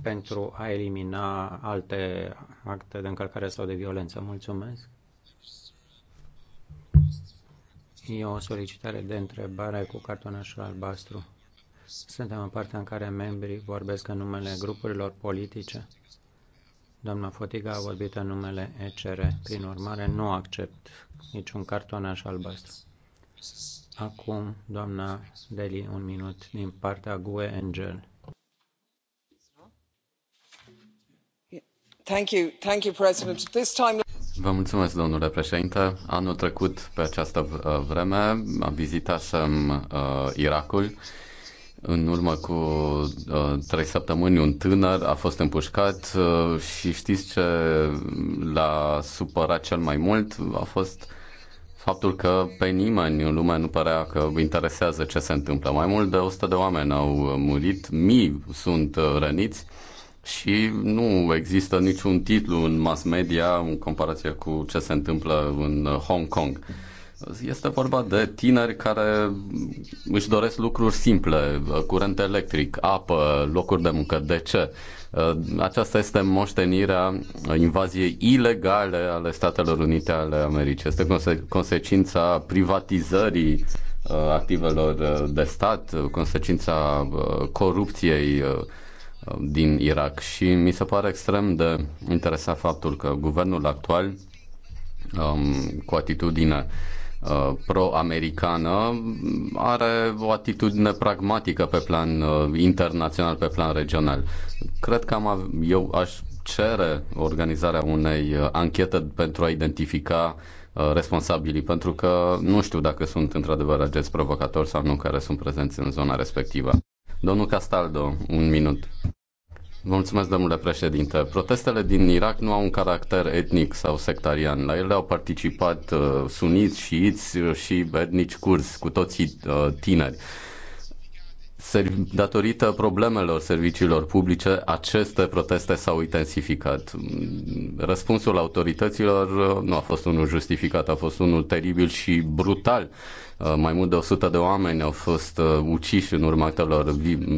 pentru a elimina alte acte de încălcare sau de violență. Mulțumesc. E o solicitare de întrebare cu cartonașul albastru. Suntem în partea în care membrii vorbesc în numele grupurilor politice Doamna Fotiga a vorbit în numele ECR. Prin urmare, nu accept niciun cartonaș albastru. Acum, doamna Deli, un minut din partea GUE Angel. Thank you, thank you, President. This time... Vă mulțumesc, domnule președinte. Anul trecut, pe această vreme, am vizitat uh, Irakul în urmă cu uh, trei săptămâni, un tânăr a fost împușcat uh, și știți ce l-a supărat cel mai mult? A fost faptul că pe nimeni în lume nu părea că interesează ce se întâmplă. Mai mult de 100 de oameni au uh, murit, mii sunt uh, răniți și nu există niciun titlu în mass media în comparație cu ce se întâmplă în uh, Hong Kong. Este vorba de tineri care își doresc lucruri simple, curent electric, apă, locuri de muncă. De ce? Uh, aceasta este moștenirea invaziei ilegale ale Statelor Unite ale Americii. Este conse- consecința privatizării uh, activelor uh, de stat, consecința corupției din Irak și mi se pare extrem de interesant faptul că guvernul actual um, cu atitudine Uh, pro-americană are o atitudine pragmatică pe plan uh, internațional, pe plan regional. Cred că am, eu aș cere organizarea unei uh, anchete pentru a identifica responsabilii, pentru că nu știu dacă sunt într-adevăr agenți provocatori sau nu care sunt prezenți în zona respectivă. Domnul Castaldo, un minut. Mulțumesc, domnule președinte. Protestele din Irak nu au un caracter etnic sau sectarian. La ele au participat uh, suniți, șiiți și etnici curzi, cu toții uh, tineri. Datorită problemelor serviciilor publice, aceste proteste s-au intensificat. Răspunsul autorităților uh, nu a fost unul justificat, a fost unul teribil și brutal. Uh, mai mult de 100 de oameni au fost uh, uciși în urma actelor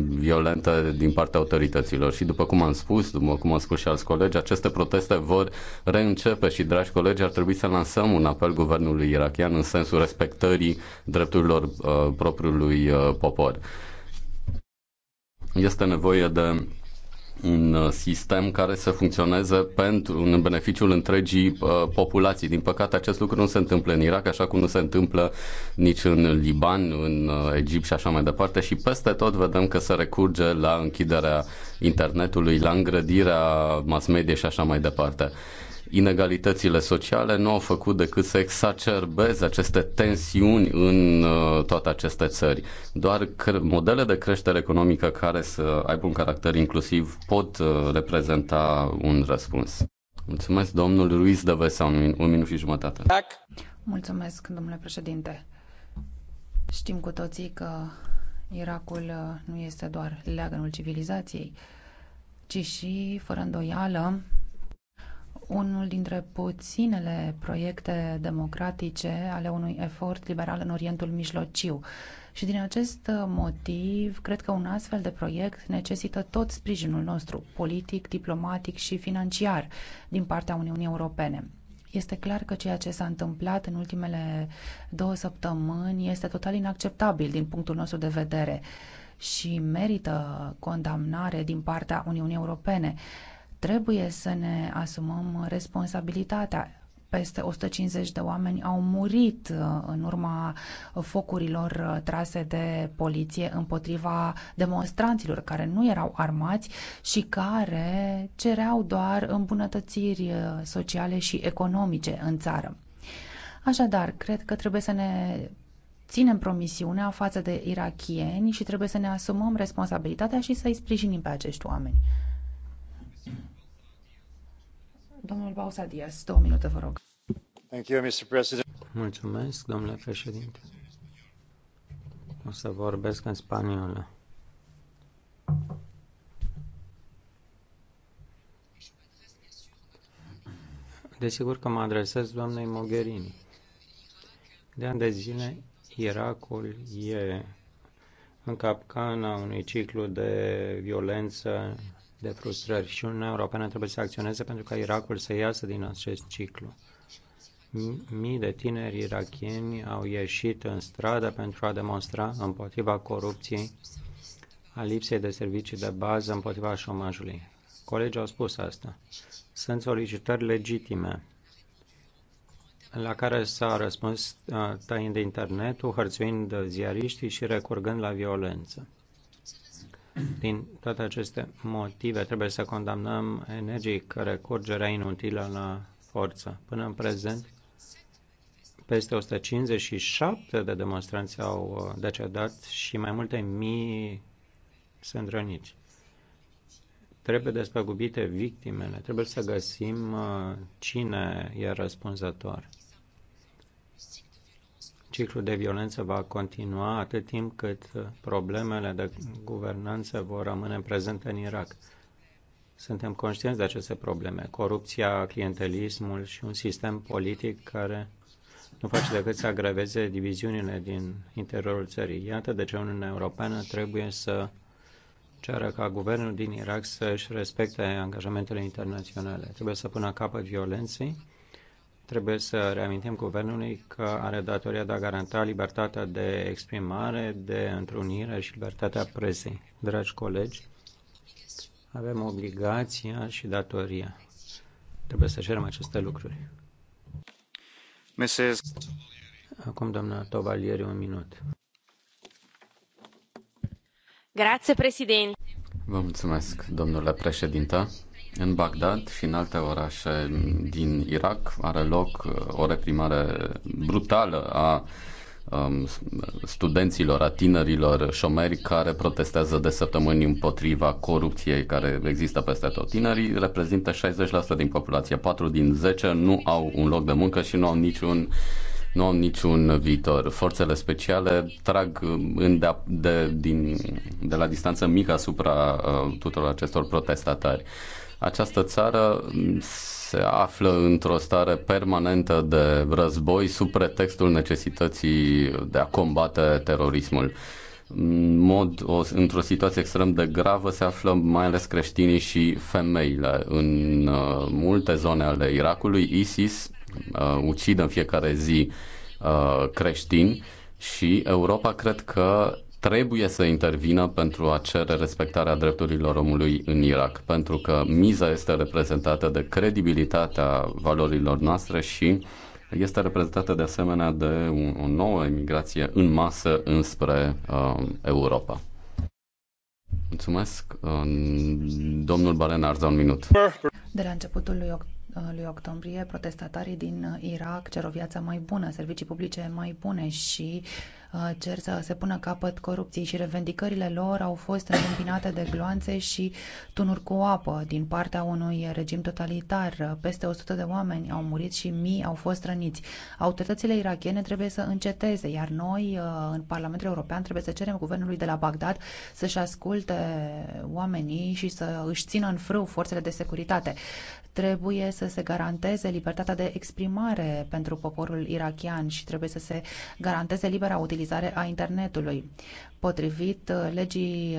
violente din partea autorităților. Și după cum am spus, după cum au spus și alți colegi, aceste proteste vor reîncepe și, dragi colegi, ar trebui să lansăm un apel guvernului irachian în sensul respectării drepturilor propriului popor este nevoie de un uh, sistem care să funcționeze pentru, în beneficiul întregii uh, populații. Din păcate, acest lucru nu se întâmplă în Irak, așa cum nu se întâmplă nici în Liban, în uh, Egipt și așa mai departe. Și peste tot vedem că se recurge la închiderea internetului, la îngrădirea mass media și așa mai departe. Uh, inegalitățile sociale nu au făcut decât să exacerbeze aceste tensiuni în uh, toate aceste țări. Doar modele de creștere economică care să aibă un caracter inclusiv pot uh, reprezenta un răspuns. Mulțumesc, domnul Ruiz de Vesa, un, un minut și jumătate. Mulțumesc, domnule președinte. Știm cu toții că Irakul uh, nu este doar leagănul civilizației, ci și, fără îndoială, unul dintre puținele proiecte democratice ale unui efort liberal în Orientul Mijlociu. Și din acest motiv, cred că un astfel de proiect necesită tot sprijinul nostru, politic, diplomatic și financiar, din partea Uniunii Europene. Este clar că ceea ce s-a întâmplat în ultimele două săptămâni este total inacceptabil din punctul nostru de vedere și merită condamnare din partea Uniunii Europene Trebuie să ne asumăm responsabilitatea peste 150 de oameni au murit uh, în urma focurilor uh, trase de poliție împotriva demonstranților care nu erau armați și care cereau doar îmbunătățiri uh, sociale și economice în țară. Așadar, cred că trebuie să ne ținem promisiunea față de irachieni și trebuie să ne asumăm responsabilitatea și să-i sprijinim pe acești oameni. Domnul Bausa două minute, vă Mulțumesc, domnule președinte. O să vorbesc în spaniolă. Desigur că mă adresez doamnei Mogherini. De ani de zile, Irakul e în capcana unui ciclu de violență de frustrări și Uniunea Europeană trebuie să acționeze pentru ca Irakul să iasă din acest ciclu. Mii de tineri irakieni au ieșit în stradă pentru a demonstra împotriva corupției, a lipsei de servicii de bază, împotriva șomajului. Colegii au spus asta. Sunt solicitări legitime la care s-a răspuns uh, tăind internetul, hărțuind ziariștii și recurgând la violență. Din toate aceste motive, trebuie să condamnăm energic recurgerea inutilă la forță. Până în prezent, peste 157 de demonstranți au uh, decedat și mai multe mii sunt răniți. Trebuie despăgubite victimele, trebuie să găsim uh, cine e răspunzător ciclul de violență va continua atât timp cât uh, problemele de guvernanță vor rămâne prezente în Irak. Suntem conștienți de aceste probleme, corupția, clientelismul și un sistem politic care nu face decât să agraveze diviziunile din interiorul țării. Iată de ce Uniunea Europeană trebuie să ceară ca guvernul din Irak să-și respecte angajamentele internaționale. Trebuie să pună capăt violenței Trebuie să reamintim guvernului că are datoria de a garanta libertatea de exprimare, de întrunire și libertatea presei. Dragi colegi, avem obligația și datoria. Trebuie să cerem aceste lucruri. Mrs. Acum, doamna Tovalieri, un minut. Grazie, președinte. Vă mulțumesc, domnule președinte. În Bagdad și în alte orașe din Irak are loc uh, o reprimare brutală a um, studenților, a tinerilor șomeri care protestează de săptămâni împotriva corupției care există peste tot. Tinerii reprezintă 60% din populație, 4 din 10 nu au un loc de muncă și nu au niciun nu au niciun viitor. Forțele speciale trag de, de, din, de la distanță mică asupra uh, tuturor acestor protestatari. Uh, această țară se află într-o stare permanentă de război sub pretextul necesității de a combate terorismul. În mod, o, într-o situație extrem de gravă se află mai ales creștinii și femeile. În uh, multe zone ale Irakului, ISIS uh, ucide în fiecare zi uh, creștini și Europa cred că trebuie să intervină pentru a cere respectarea drepturilor omului în Irak, pentru că miza este reprezentată de credibilitatea valorilor noastre și este reprezentată de asemenea de o nouă emigrație în masă înspre uh, Europa. Mulțumesc. Um, domnul Baren Arza, un minut. De la începutul lui lui octombrie, protestatarii din uh, Irak cer o viață mai bună, servicii publice mai bune și uh, cer să se pună capăt corupției și revendicările lor au fost întâmpinate de gloanțe și tunuri cu apă din partea unui regim totalitar. Peste 100 de oameni au murit și mii au fost răniți. Autoritățile irakiene trebuie să înceteze, iar noi uh, în Parlamentul European trebuie să cerem guvernului de la Bagdad să-și asculte oamenii și să își țină în frâu forțele de securitate. Trebuie să se garanteze libertatea de exprimare pentru poporul irakian și trebuie să se garanteze libera utilizare a internetului. Potrivit uh, legii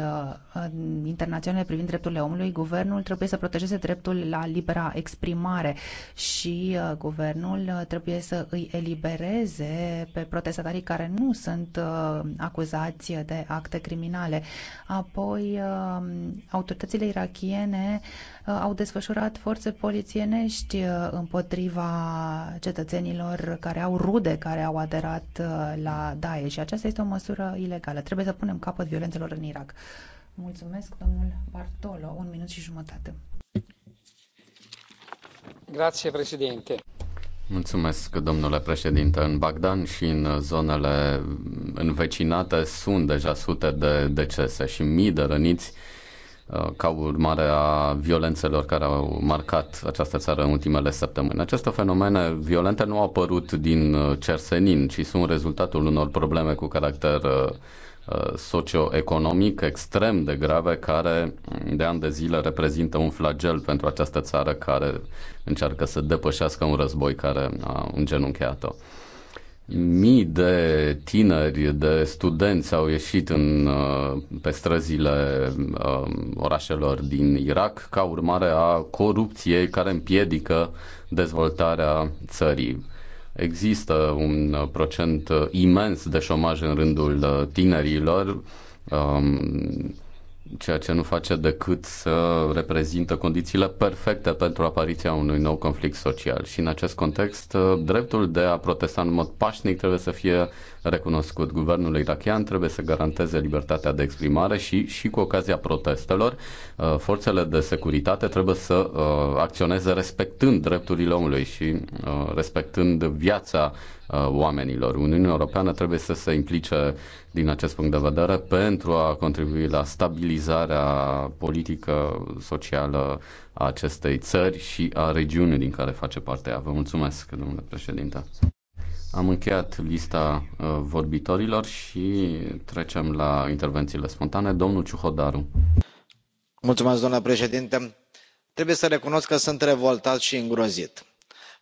uh, internaționale privind drepturile omului, guvernul trebuie să protejeze dreptul la libera exprimare și uh, guvernul trebuie să îi elibereze pe protestatarii care nu sunt acuzați de acte criminale. Apoi, autoritățile irachiene au desfășurat forțe polițienești împotriva cetățenilor care au rude care au aderat la Daesh și aceasta este o măsură ilegală. Trebuie să punem capăt violențelor în Irak. Mulțumesc, domnul Bartolo. Un minut și jumătate. Grazie, președinte. Mulțumesc, domnule președinte. În Bagdan și în zonele învecinate sunt deja sute de decese și mii de răniți uh, ca urmare a violențelor care au marcat această țară în ultimele săptămâni. Aceste fenomene violente nu au apărut din uh, cersenin, ci sunt rezultatul unor probleme cu caracter uh, Uh, socioeconomic extrem de grave care de ani de zile reprezintă un flagel pentru această țară care încearcă să depășească un război care a îngenuncheat o Mii de tineri, de studenți au ieșit în, uh, pe străzile uh, orașelor din Irak ca urmare a corupției care împiedică dezvoltarea țării Există un uh, procent uh, imens de șomaj în rândul uh, tinerilor, um, ceea ce nu face decât să reprezintă condițiile perfecte pentru apariția unui nou conflict social. Și în acest context, dreptul de a protesta în mod pașnic trebuie să fie recunoscut. Guvernul irachian trebuie să garanteze libertatea de exprimare și, și cu ocazia protestelor, uh, forțele de securitate trebuie să uh, acționeze respectând drepturile omului și uh, respectând viața oamenilor. Uniunea Europeană trebuie să se implice din acest punct de vedere pentru a contribui la stabilizarea politică, socială a acestei țări și a regiunii din care face parte ea. Vă mulțumesc, domnule președinte. Am încheiat lista uh, vorbitorilor și trecem la intervențiile spontane. Domnul Ciuhodaru. Mulțumesc, domnule președinte. Trebuie să recunosc că sunt revoltat și îngrozit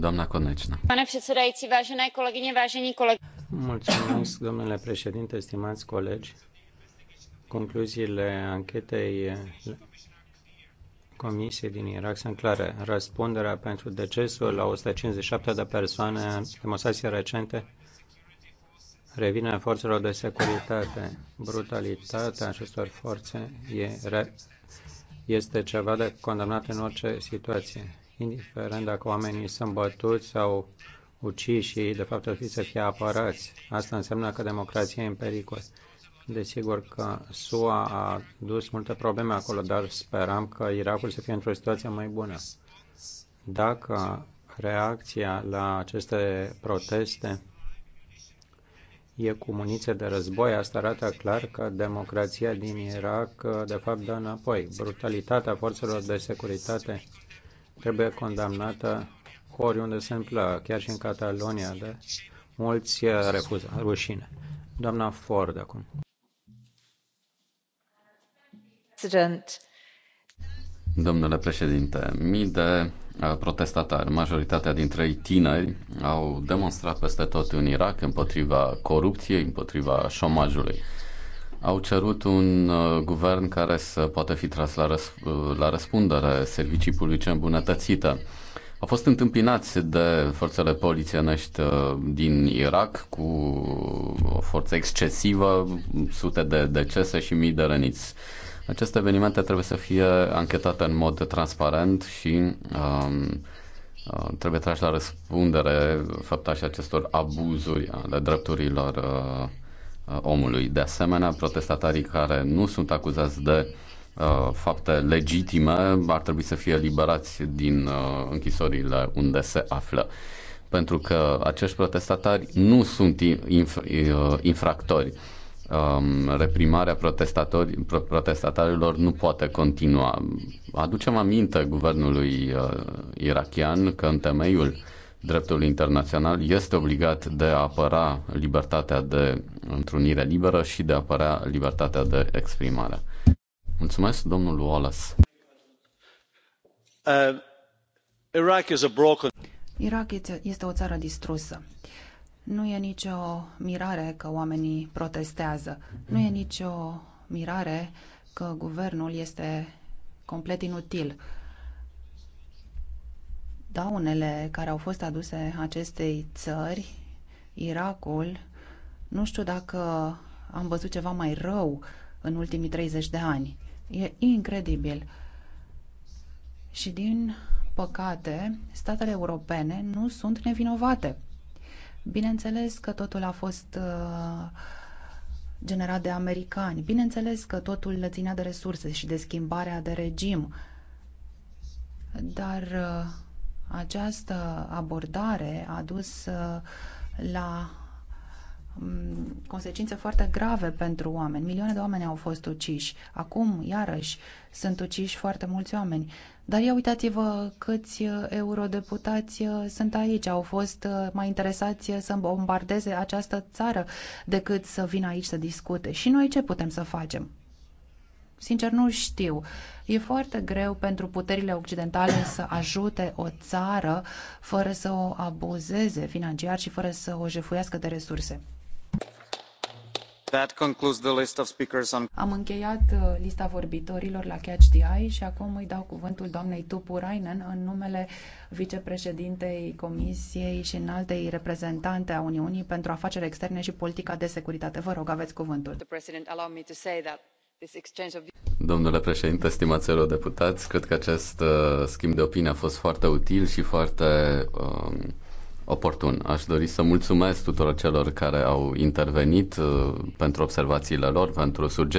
Doamna Conecna. domnule președinte, stimați colegi. Concluziile anchetei Comisiei din Irak sunt clare. Răspunderea pentru decesul la 157 de persoane în demonstrații recente revine forțelor de securitate. Brutalitatea acestor forțe este ceva de condamnat în orice situație indiferent dacă oamenii sunt bătuți sau uciși și de fapt ar fi să fie apărați. Asta înseamnă că democrația e în pericol. Desigur că SUA a dus multe probleme acolo, dar speram că Irakul să fie într-o situație mai bună. Dacă reacția la aceste proteste e cu muniție de război, asta arată clar că democrația din Irak de fapt dă înapoi. Brutalitatea forțelor de securitate trebuie condamnată oriunde se întâmplă, chiar și în Catalonia, de mulți uh, refuză, rușine. Doamna Ford acum. Domnule președinte, mii de uh, protestatari, majoritatea dintre ei tineri, au demonstrat peste tot în Irak împotriva corupției, împotriva șomajului au cerut un uh, guvern care să poată fi tras la, răsp- uh, la răspundere servicii publice îmbunătățite. Au fost întâmpinați de forțele polițienești uh, din Irak cu o forță excesivă, sute de decese și mii de răniți. Aceste evenimente trebuie să fie anchetate în mod transparent și um, uh, trebuie trași la răspundere făptașii acestor abuzuri ale drepturilor uh, Uh, omului. De asemenea, protestatarii care nu sunt acuzați de uh, fapte legitime ar trebui să fie liberați din uh, închisorile unde se află. Pentru că acești protestatari nu sunt inf- uh, infractori. Um, reprimarea pro- protestatarilor nu poate continua. Aducem aminte guvernului uh, irachian că în temeiul uh, dreptul internațional, este obligat de a apăra libertatea de întrunire liberă și de a apăra libertatea de exprimare. Mulțumesc, domnul Wallace. Uh, Iraq, is a broken... Irak este o țară distrusă. Nu e nicio mirare că oamenii protestează. Nu e nicio mirare că guvernul este complet inutil daunele care au fost aduse acestei țări, Irakul, nu știu dacă am văzut ceva mai rău în ultimii 30 de ani. E incredibil. Și din păcate, statele europene nu sunt nevinovate. Bineînțeles că totul a fost uh, generat de americani. Bineînțeles că totul ținea de resurse și de schimbarea de regim. Dar uh, această abordare a dus uh, la um, consecințe foarte grave pentru oameni. Milioane de oameni au fost uciși. Acum, iarăși, sunt uciși foarte mulți oameni. Dar ia uitați-vă câți uh, eurodeputați uh, sunt aici. Au fost mai interesați să bombardeze această țară decât să vină aici să discute. Și noi ce putem să facem? Sincer, nu știu. E foarte greu pentru puterile occidentale să ajute o țară fără să o abuzeze financiar și fără să o jefuiască de resurse. That concludes the list of speakers on... Am încheiat uh, lista vorbitorilor la Catch the Eye și acum îi dau cuvântul doamnei Tupurainen în numele vicepreședintei Comisiei și înaltei reprezentante a Uniunii pentru afaceri externe și politica de securitate. Vă rog, aveți cuvântul. Domnule președinte, stimați deputați, cred că acest uh, schimb de opinie a fost foarte util și foarte uh, oportun. Aș dori să mulțumesc tuturor celor care au intervenit uh, pentru observațiile lor, pentru sugestiile